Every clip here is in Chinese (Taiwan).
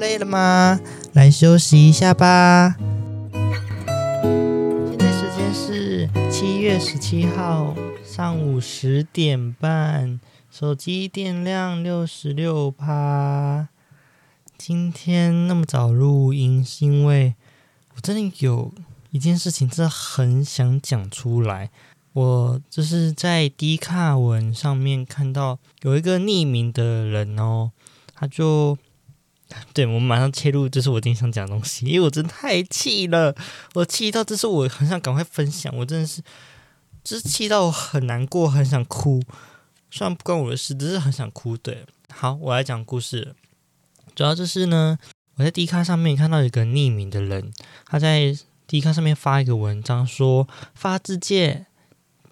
累了嗎？來休息一下吧。現在時間是七月十七號上午十點半，手機電量六十六趴。今天那麼早錄音，是因為我真的有一件事情真的很想講出來。我就是在 Dcard 文上面看到有一個匿名的人哦，他就。對，我們馬上切入，就是我經常講的東西，因為我真的太氣了，我氣到，這是我很想趕快分享，我真的是，就是氣到我很難過，很想哭。雖然不關我的事，只是很想哭。對，好，我來講故事。主要就是呢，我在 Dcard 上面看到一個匿名的人，他在 Dcard 上面發一個文章說，說發自介，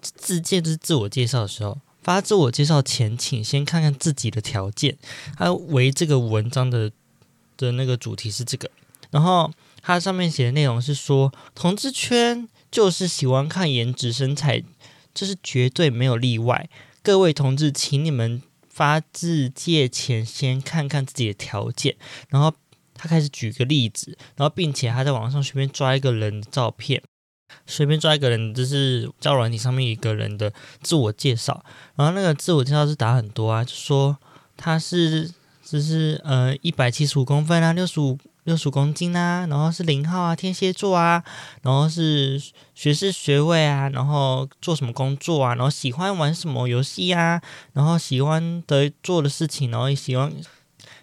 自介就是自我介紹的時候，發自我介紹前，請先看看自己的條件。他為這個文章的。的那個主題是這個，然後他上面寫的內容是說，同志圈就是喜歡看顏值身材，這、就是絕對沒有例外。各位同志，請你們發自借錢先看看自己的條件。然後他開始舉個例子，然後並且還在網上隨便抓一個人的照片，隨便抓一個人，就是在軟體上面一個人的自我介紹。然後那個自我介紹是打很多啊，就說他是。就是呃一百七十五公分啊，六十五六十五公斤啊，然後是零號啊，天蠍座啊，然後是學士學位啊，然後做什麼工作啊，然後喜歡玩什麼遊戲啊，然後喜歡的做的事情，然後也喜歡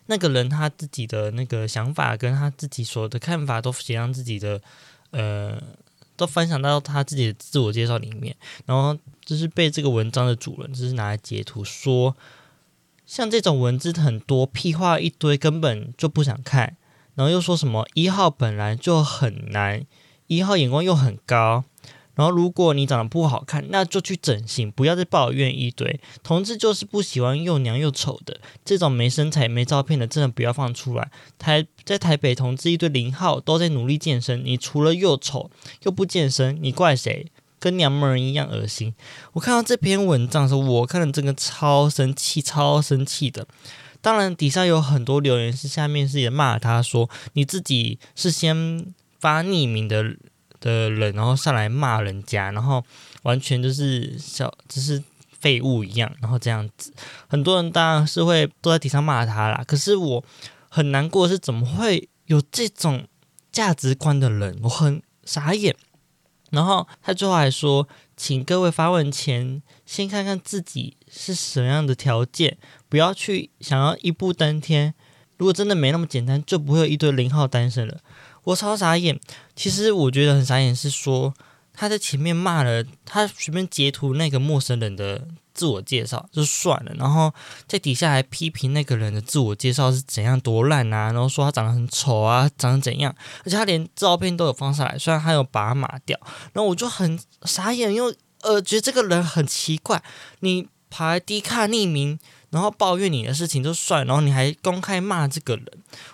那個人他自己的那個想法跟他自己所的看法都寫上自己的呃都分享到他自己的自我介紹裡面，然後就是被這個文章的主人就是拿來截圖說。像這種文字很多，屁話一堆，根本就不想看。然後又說什麼一號本來就很難，一號眼光又很高。然後如果你長得不好看，那就去整形，不要再抱怨一堆。同志就是不喜歡又娘又醜的，這種沒身材、沒照片的，真的不要放出來。台，在台北，同志一堆零號都在努力健身。你除了又醜又不健身，你怪誰？跟娘們兒一樣噁心。我看到這篇文章的時候，我看了真的超生氣，超生氣的。當然，底下有很多留言是下面是也罵他說，你自己是先發匿名的的人，然後上來罵人家，然後完全就是小就是廢物一樣，然後這樣子。很多人當然是會都在底下罵他啦。可是我很難過，是怎麼會有這種價值觀的人？我很傻眼。然後他最後還說：“請各位發問前，先看看自己是什麼樣的條件，不要去想要一步登天。如果真的沒那麼簡單，就不會有一堆零號單身了。”我超傻眼，其實我覺得很傻眼，是說。他在前面罵了，他隨便截圖那個陌生人的自我介紹就算了，然後在底下還批評那個人的自我介紹是怎樣多爛啊，然後說他長得很醜啊，長得怎樣，而且他連照片都有放上來，雖然他有把他碼掉，然後我就很傻眼，又呃覺得這個人很奇怪，你爬 D 卡匿名，然後抱怨你的事情就算，然後你還公開罵這個人，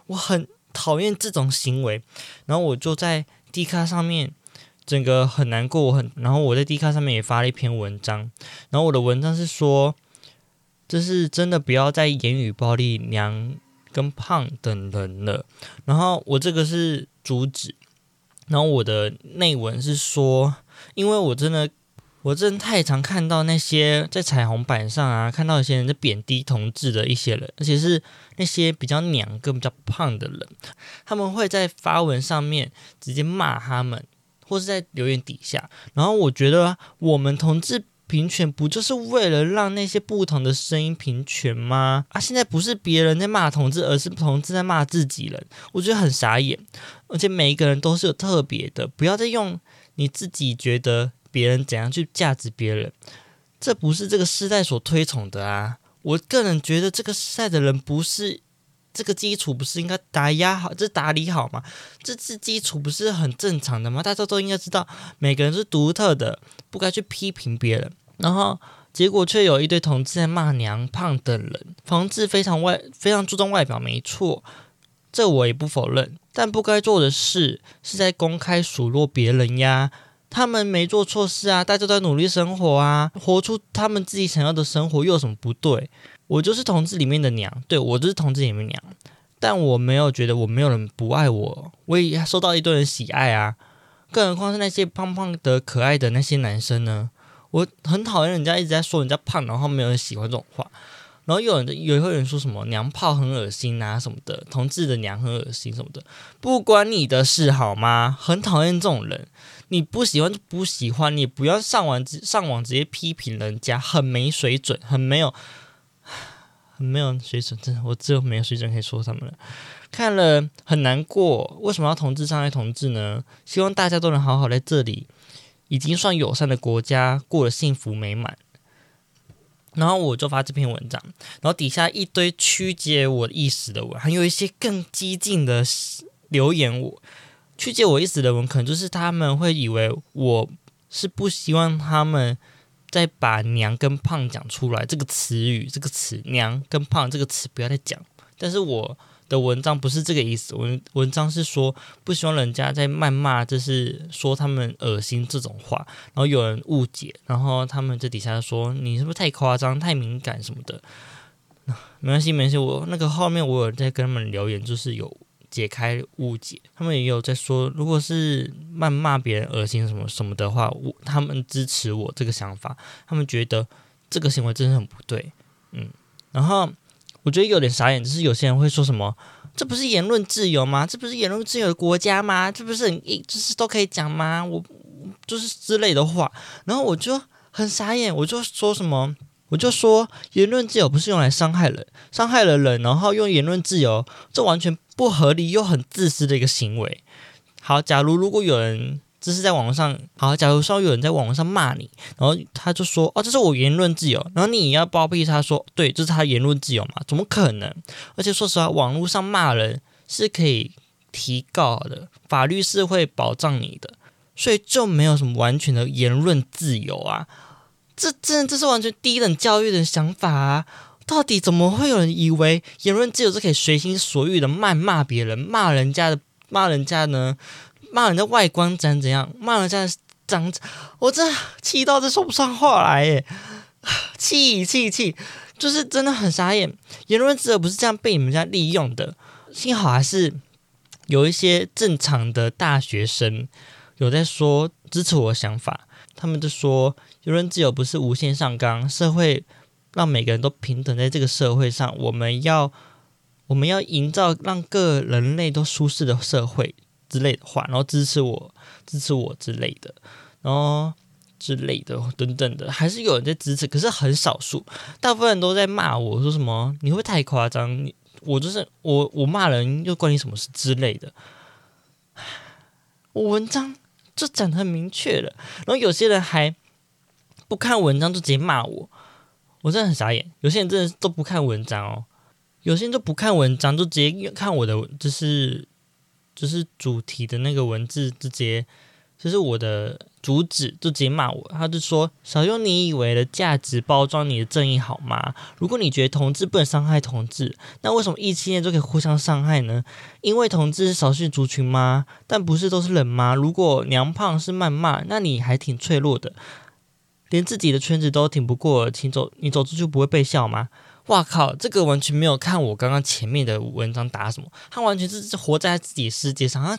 我很討厭這種行為，然後我就在 D 卡上面。整個很難過，我很，然後我在 D 卡上面也發了一篇文章，然後我的文章是說，這是真的，不要再言語暴力娘跟胖的人了，然後我這個是主旨，然後我的內文是說，因為我真的，我真的太常看到那些在彩虹板上啊，看到一些人在貶低同志的一些人，而且是那些比較娘跟比較胖的人，他們會在發文上面直接罵他們。或是在留言底下，然後我覺得我們同志平權不就是為了讓那些不同的聲音平權嗎？啊，現在不是別人在罵同志，而是同志在罵自己人，我覺得很傻眼。而且每一個人都是有特別的，不要再用你自己覺得別人怎樣去價值別人，這不是這個時代所推崇的啊！我個人覺得這個時代的人不是。這個基礎不是應該打壓好，這、就是、打理好嗎？這是基礎不是很正常的嗎？大家都應該知道，每個人是獨特的，不該去批評別人。然後結果卻有一堆同志在罵娘、胖等人。同志非常外，非常注重外表，沒錯，這我也不否認。但不該做的事是在公開數落別人呀。他們沒做錯事啊，大家都在努力生活啊，活出他們自己想要的生活，又有什麼不對？我就是同志裡面的娘，對，我就是同志裡面的娘，但我沒有覺得我沒有人不愛我，我也受到一堆人喜愛啊。更何況是那些胖胖的可愛的、那些男生呢？我很討厭人家一直在說人家胖，然後沒有人喜歡這種話。然後有人，有一個人說什麼“娘炮”很噁心啊什麼的，同志的娘很噁心什麼的，不關你的事好嗎？很討厭這種人，你不喜歡就不喜歡，你不要上網上網直接批評人家，很沒水準，很沒有。沒有水準，真的，我只有沒有水準可以說他們了。看了很難過，為什麼要同志傷害同志呢？希望大家都能好好在這裡，已經算友善的國家，過得幸福美滿。然後我就發這篇文章，然後底下一堆曲解我意思的文，還有一些更激進的留言我。我曲解我意思的文，可能就是他們會以為我是不希望他們。再把“娘”跟“胖”講出來，這個詞語，這個詞“娘”跟“胖”這個詞不要再講。但是我的文章不是這個意思，我文，文章是說不希望人家在謾罵，就是說他們噁心這種話，然後有人誤解，然後他們這底下說你是不是太誇張、太敏感什麼的。沒關係，沒關係，我那個後面我有在跟他們留言，就是有。解開誤解，他們也有在說，如果是謾罵別人、噁心什麼什麼的話，我他們支持我這個想法，他們覺得這個行為真的很不對，嗯。然後我覺得有點傻眼，就是有些人會說什麼“這不是言論自由嗎？這不是言論自由的國家嗎？這不是一就是都可以講嗎？”我就是之類的話，然後我就很傻眼，我就說什麼。我就說，言論自由不是用來傷害人，傷害了人，然後用言論自由，這完全不合理又很自私的一個行為。好，假如如果有人這是在網上，好，假如說有人在網上罵你，然後他就說，哦，這是我言論自由，然後你要包庇他說，對，這是他言論自由嘛？怎麼可能？而且說實話，網絡上罵人是可以提告的，法律是會保障你的，所以就沒有什麼完全的言論自由啊。這、這、這是完全低等教育的想法啊！到底怎麼會有人以為言論自由是可以隨心所欲的謾罵，罵別人、罵人家的、罵人家呢？罵人的外觀怎樣怎樣？罵人家的長……我真的氣到這說不上話來耶！氣、氣、氣，就是真的很傻眼。言論自由不是這樣被你們家利用的。幸好還是有一些正常的大學生有在說支持我的想法，他們就說，言論自由不是無限上綱，社會讓每個人都平等，在這個社會上，我們要我們要營造讓各人類都舒適的社會之類的話，然後支持我支持我之類的，然後之類的等等的，還是有人在支持，可是很少數，大部分人都在罵我說什麼你會不會太誇張，我就是我我罵人又關你什麼事之類的，我文章就講的很明確了，然後有些人還。不看文章就直接罵我，我真的很傻眼。有些人真的都不看文章哦，有些人就不看文章就直接看我的，就是就是主題的那個文字直接，就是我的主旨就直接罵我。他就說：少用你以為的價值包裝你的正義好嗎？如果你覺得同志不能傷害同志，那為什麼異性戀就可以互相傷害呢？因為同志是少數族群嗎？但不是都是人嗎？如果娘胖是謾罵，那你還挺脆弱的。連自己的圈子都挺不過，請走，你走出去就不會被笑嗎？哇靠！這個完全沒有看我剛剛前面的文章答什麼，他完全是活在自己世界上，他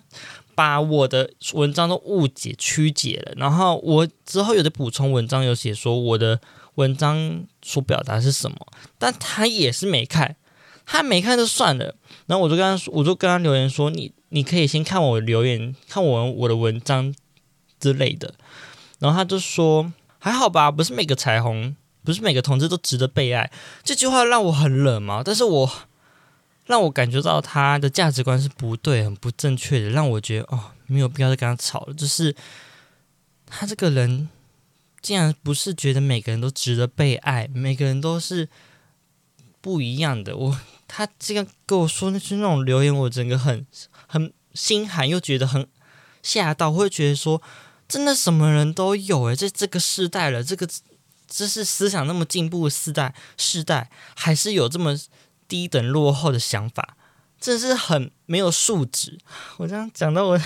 把我的文章都誤解曲解了。然後我之後有的補充文章有寫說我的文章所表達是什麼，但他也是沒看，他沒看就算了。然後我就跟他說，我就跟他留言說，你你可以先看我留言，看我我的文章之類的。然後他就說。還好吧，不是每個彩虹，不是每個同志都值得被愛。這句話讓我很冷嘛，但是我讓我感覺到他的價值觀是不對，很不正確的，讓我覺得哦，沒有必要再跟他吵了。就是他這個人竟然不是覺得每個人都值得被愛，每個人都是不一樣的。我他這樣跟我說那句那種留言，我整個很很心寒，又覺得很嚇到，我會覺得說。真的什麼人都有哎、欸，這這個時代了，這個這是思想那麼進步的時代，時代還是有這麼低等落後的想法，真是很沒有素質。我這樣講到我，我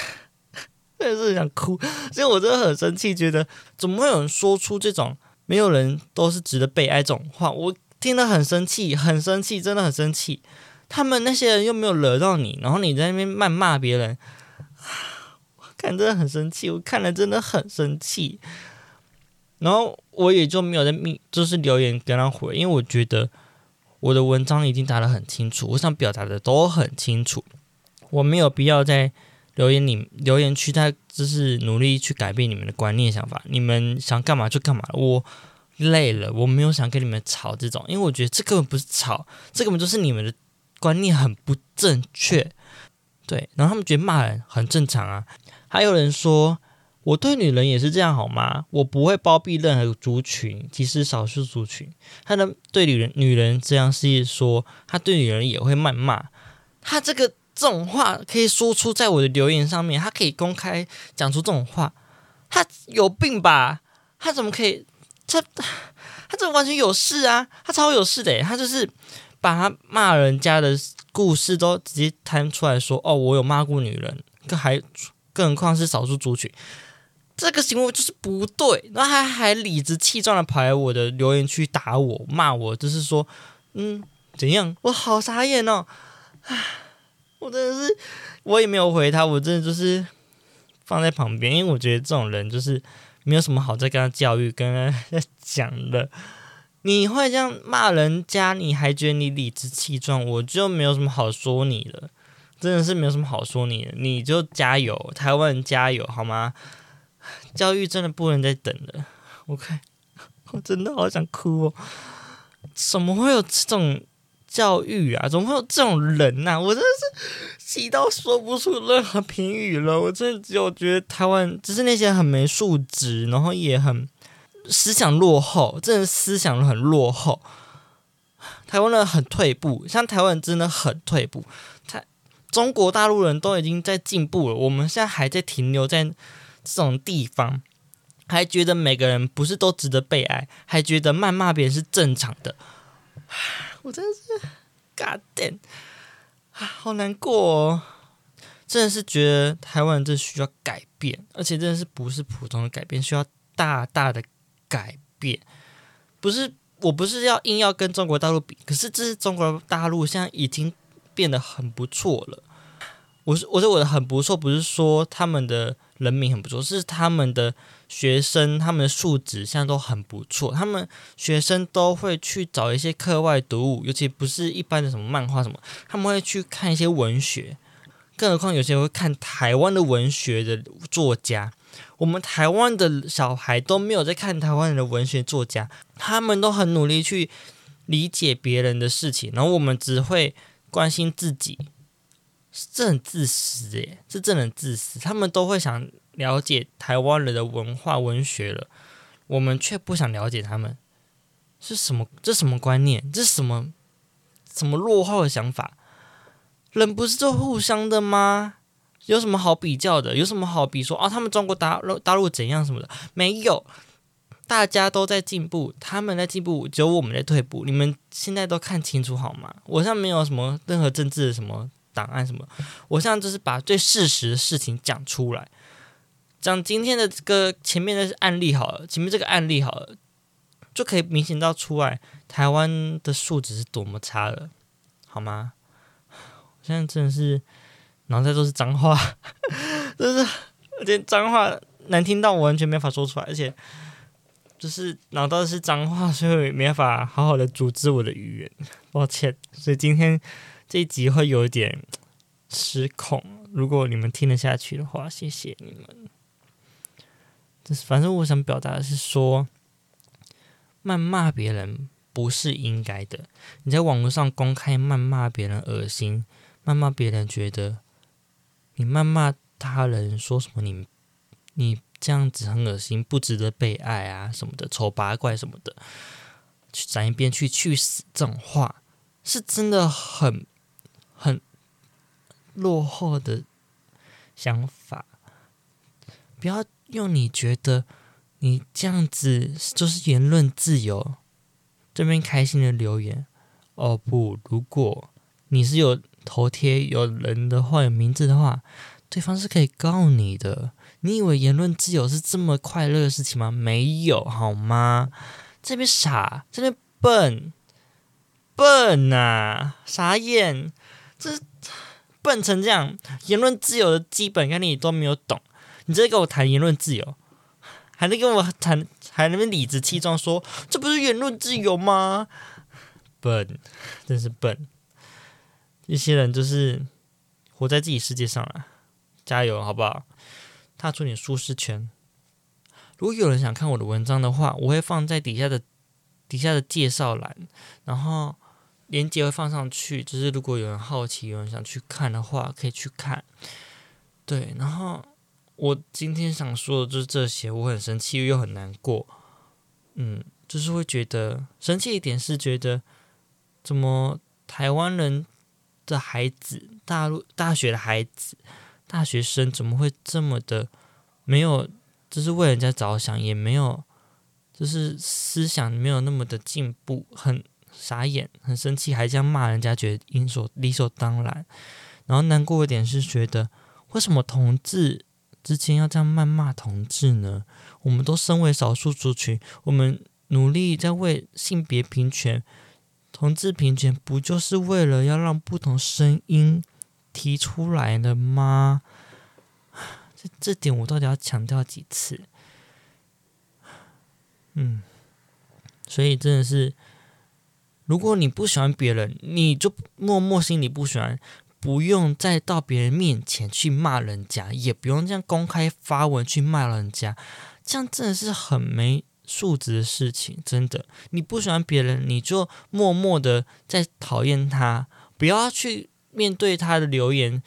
真的是想哭，所以我真的很生氣，覺得怎麼會有人說出這種沒有人都是值得被愛這種話，我聽得很生氣，很生氣，真的很生氣。他們那些人又沒有惹到你，然後你在那邊謾罵別人。看真的很生氣，我看了真的很生氣，然後我也就沒有在命，就是留言跟他回，因為我覺得我的文章已經答得很清楚，我想表達的都很清楚，我沒有必要在留言裡留言區，他就是努力去改變你們的觀念想法，你們想幹嘛就幹嘛，我累了，我沒有想跟你們吵這種，因為我覺得這根本不是吵，這根本就是你們的觀念很不正確，對，然後他們覺得罵人很正常啊。還有人說，我對女人也是這樣好嗎？我不會包庇任何族群，即使少數族群，他能對女人女人這樣說，是説他對女人也會謾罵，他這個這種話可以說出在我的留言上面，他可以公開講出這種話，他有病吧？他怎麼可以？他他怎麼完全有事啊！他超有事的，欸，他就是把他罵人家的故事都直接攤出來說，哦，我有罵過女人，可還。更何況是少數族群，這個行為就是不對。那還還理直氣壯的跑來我的留言區打我罵我，就是說，嗯，怎樣？我好傻眼哦！唉，我真的是，我也沒有回他，我真的就是放在旁邊，因為我覺得這種人就是沒有什麼好再跟他教育，跟他講的。你會這樣罵人家，你還覺得你理直氣壯，我就沒有什麼好說你了。真的是沒有什麼好說你的，你你就加油，台灣加油，好嗎？教育真的不能再等了。OK，我真的好想哭哦。怎麼會有這種教育啊？怎麼會有這種人吶、啊？我真的是氣到說不出任何評語了。我真的只有覺得台灣就是那些很沒素質，然後也很思想落後，真的思想很落後。台灣人很退步，像台灣真的很退步。中國大陸人都已經在進步了，我們現在還在停留在這種地方，還覺得每個人不是都值得被愛，還覺得謾罵別人是正常的。我真的是 God damn 啊，好難過哦，真的是覺得臺灣人這需要改變，而且真的是不是普通的改變，需要大大的改變。不是，我不是要硬要跟中國大陸比，可是這是中國大陸現在已經。變得很不錯了。我是我覺得我的很不錯，不是說他們的人民很不錯，是他們的學生，他們的素質現在都很不錯。他們學生都會去找一些課外讀物，尤其不是一般的什麼漫畫什麼，他們會去看一些文學。更何況有些人會看台灣的文學的作家。我們台灣的小孩都沒有在看台灣的文學作家，他們都很努力去理解別人的事情，然後我們只會。關心自己，這很自私耶！這真的很自私。他們都會想了解台灣人的文化、文學了，我們卻不想了解他們。是什麼？這什麼觀念？這什麼？什麼落後的想法？人不是都互相的嗎？有什麼好比較的？有什麼好比說啊？他們中國、大陸、大陸怎樣什麼的？沒有。大家都在進步，他們在進步，只有我們在退步。你們現在都看清楚好嗎？我像沒有什麼任何政治的什麼檔案什麼，我像就是把最事實的事情講出來，講今天的這個前面的案例好了，前面這個案例好了，就可以明顯到出來台灣的素質是多麼差了，好嗎？我現在真的是，腦袋都是髒話，真、就是我今天髒話難聽到，我完全沒法說出來，而且。就是，拿到的是髒話，所以沒辦法好好的組織我的語言，抱歉。所以今天這一集會有一點失控。如果你們聽得下去的話，謝謝你們。就是，反正我想表達的是說，謾罵別人不是應該的。你在網絡上公開謾罵別人，噁心，謾罵別人，覺得你謾罵他人說什麼你，你你。這樣子很惡心，不值得被愛啊什麼的，醜八怪什麼的，去站一邊去，去死！這種話是真的很很落後的想法。不要用你覺得你這樣子就是言論自由，這邊開心的留言。哦不，如果你是有頭貼有人的話，有名字的話。對方是可以告你的。你以為言論自由是這麼快樂的事情嗎？沒有，好嗎？這邊傻，這邊笨，笨吶、啊，傻眼，這笨成這樣，言論自由的基本概念你都沒有懂，你直接跟我談言論自由，還能跟我談，還能那麼理直氣壯說這不是言論自由嗎？笨，真是笨。一些人就是活在自己世界上了。加油，好不好？踏出你的舒適圈。如果有人想看我的文章的話，我會放在底下的底下的介紹欄，然後鏈接會放上去。就是如果有人好奇，有人想去看的話，可以去看。對，然後我今天想說的就是這些。我很生氣又很難過，嗯，就是會覺得生氣一點是覺得怎麼台灣人的孩子，大陸大學的孩子。大學生怎麼會這麼的沒有，就是為人家着想，也沒有，就是思想沒有那麼的進步，很傻眼，很生氣，還這樣罵人家，覺得應所理所當然。然後難過一點是覺得，為什麼同志之間要這樣謾罵同志呢？我們都身為少數族群，我們努力在為性別平權、同志平權，不就是為了要讓不同聲音？提出來的嗎？這這點我到底要強調幾次？嗯，所以真的是，如果你不喜歡別人，你就默默心裡不喜歡，不用再到別人面前去罵人家，也不用這樣公開發文去罵人家，這樣真的是很沒素質的事情。真的，你不喜歡別人，你就默默的在討厭他，不要去。面對他的留言。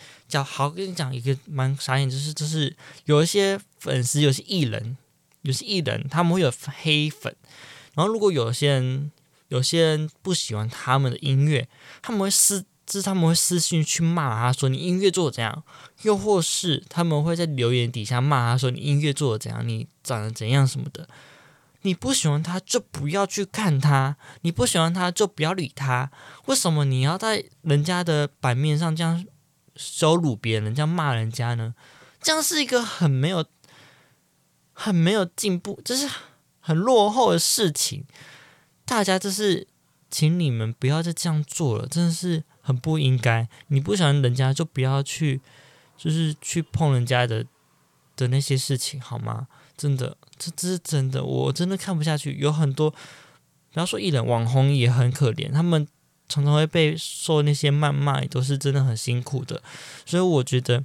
好，我跟你講一個蠻傻眼，就是就是有一些粉絲，有些藝人，有些藝人他們會有黑粉，然後如果有些人有些人不喜歡他們的音樂，他們會私就是他們會私信去罵他說你音樂做得怎樣，又或是他們會在留言底下罵他說你音樂做得怎樣，你長得怎樣什麼的。你不喜歡他，就不要去看他；你不喜歡他，就不要理他。為什麼你要在人家的版面上這樣羞辱別人、這樣罵人家呢？這樣是一個很沒有、很沒有進步，就是很落後的事情。大家，就是請你們不要再這樣做了，真的是很不應該。你不喜歡人家，就不要去，就是去碰人家的的那些事情，好嗎？真的。這這是真的，我真的看不下去。有很多，比方說藝人，網紅也很可憐。他們常常會被受那些謾罵，也都是真的很辛苦的。所以我覺得，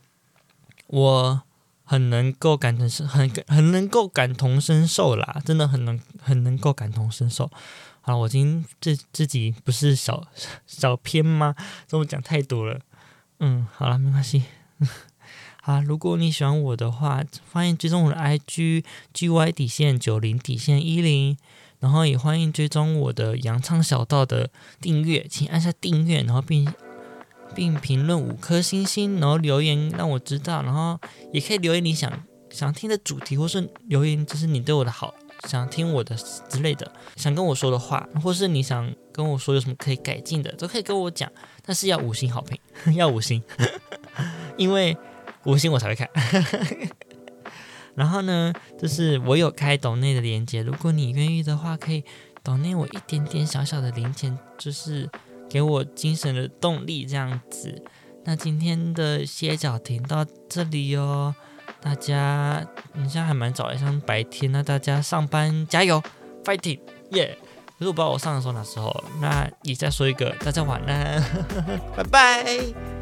我很能夠感同身，很很能夠感同身受啦。真的很能，很能夠感同身受。好，我今天這這集不是小小偏嗎？這麼講太多了。嗯，好了，沒關係。好，如果你喜歡我的話，歡迎追蹤我的 IG GY 底線九零底線一零，然後也歡迎追蹤我的陽倉小道的訂閱，請按下訂閱，然後並並評論五顆星星，然後留言讓我知道，然後也可以留言你想想聽的主題，或是留言就是你對我的好，想聽我的之類的，想跟我說的話，或是你想跟我說有什麼可以改進的，都可以跟我講，但是要五星好評，要五星，呵呵，因為。五星我才會看， 然後呢，就是我有開抖內的連結，如果你願意的話，可以抖內我一點點小小的零錢，就是給我精神的動力這樣子。那今天的歇腳亭到這裡哦，大家，你現在還蠻早的，像白天那大家上班加油，fighting，耶！如果不知道我上的時候哪時候，那你再說一個，大家晚安，拜拜。